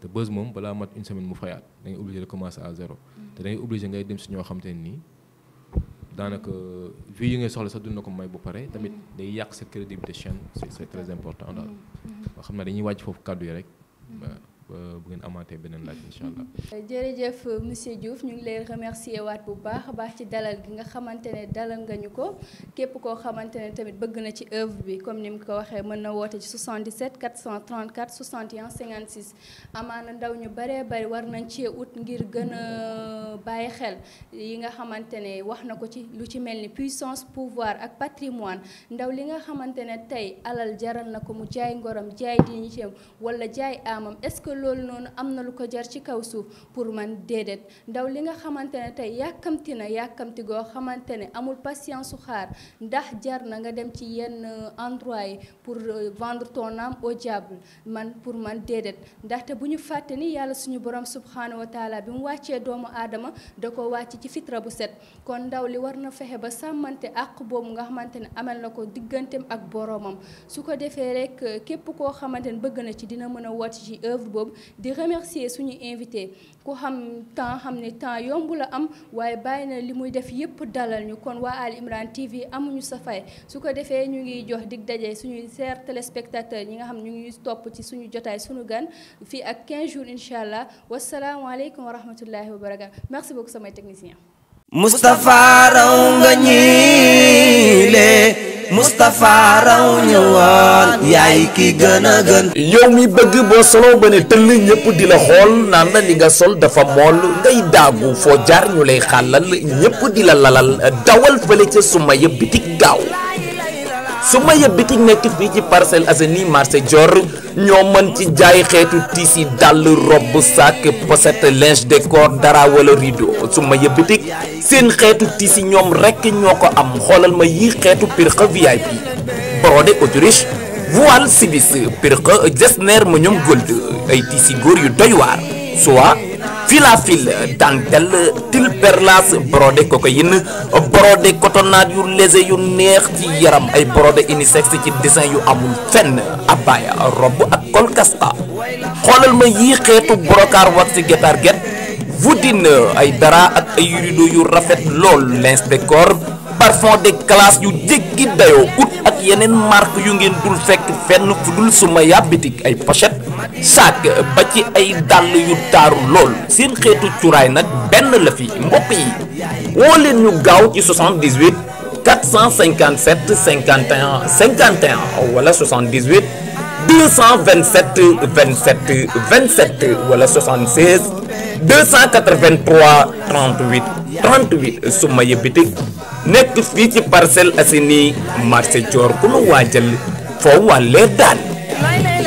D: te buzz moom balaa mat une semaine mu fayaat da ngay obligé de commencer à zéro te da ngay ngay dem si ñoo xam ne nii daanaka vie yi ngay soxla sax dund ko may bu pare tamit day yàq sa crédibilité chaîne c'est très important daal mm-hmm. xam na dañuy wàcc foofu kàddu yi rek mm-hmm. bu ngeen amaatee beneen laaj incha
C: allah. jërëjëf monsieur ñu ngi lay remercier waat bu baax a baax ci dalal gi nga xamante ne dalal nga ñu ko képp koo xamante ne tamit bëgg na ci œuvre bi comme ni mu ko waxee mën na woote ci 77 434 61 56 amaana ndaw ñu baree bari war nañ ci ut ngir gën a bàyyi xel yi nga xamante ne wax na ko ci lu ci mel ni puissance pouvoir ak patrimoine ndaw li nga xamante ne tey alal jaral na ko mu jaay ngorom jaay dignité wala jaay amam est loolu noonu am na lu ko jar ci kaw suuf pour man déedéet ndaw li nga xamante ne tey yàkkamti na yàkkamti goo xamante ne amul patience su xaar ndax jar na nga dem ci yenn euh, endroit yi pour euh, vendre ton âme au man pour man déedéet ndaxte bu ñu fàtte ni yàlla suñu borom subhanahu wa taala bi mu wàccee doomu aadama da ko wàcc ci fitra bu set kon ndaw li war na fexe ba sàmmante àq boobu nga xamante ne amal na ko digganteem ak boromam su ko defee rek euh, képp koo xamante ne bëgg na ci dina mën a woote Diop di remercier suñu invité ku xam temps xam ne temps yomb la am waaye bàyyi na li muy def yëpp dalal ñu kon waa Ali Imran TV amuñu sa fay su ko defee ñu ngi jox dig daje suñuy chers téléspectateurs ñi nga xam ñu ngi topp ci suñu jotaay suñu gan fii ak 15 jours incha allah wasalaamualeykum wa rahmatullahi wa barakatu merci beaucoup samay technicien
A: Moustapha raw nga ñiile Moustapha raw ñëwaal yaay ki gën a gën yow mi bëgg boo solo ba ne tëll ñëpp di la xool naan nga sol dafa mool ngay daagu foo jaar ñu lay xàllal ñëpp di la lalal dawal fële ca suma yëpp bitik gaaw su ma yëb bitig nekk fii ci parcelle Assainies marché Dior ñoo mën ci jaay xeetu tissu dàll robe sac pochette linge de corps dara wala rideau su ma yëb bitig seen xeetu tissu ñoom rekk ñoo ko am xoolal ma yi xeetu pirque VIP brodé autriche voile sivis pirque jesner ma ñoom gold ay tissu góor yu doy waar soit fil à fil dentelle til perlas brodé cocaïne brodé cotonnade yu léger yu neex ci yaram ay brodé unisex ci dessin yu amul fenn abaya robb ak kolkasta xoolal ma yii xeetu brocart wax ci guet-arguet voudine ay dara ak ay rideau yu rafet lool l'inspecteur parfum de classe yu jéggi dayoo ut ak yeneen marque yu ngeen dul fekk fenn fu dul suma yàbbitik ay pochette sac ba ci ay dàll yu taaru lool seen xeetu cuuraay nag benn la fi mbokk yi woo leen ñu gaaw ci 78 457 51 51 wala 78 227 27 27 wala 76 283 38 38 su ma yëbbitik nekk fii ci Parcelles Assainies marché Dior ku nu waajal foo wàllee daal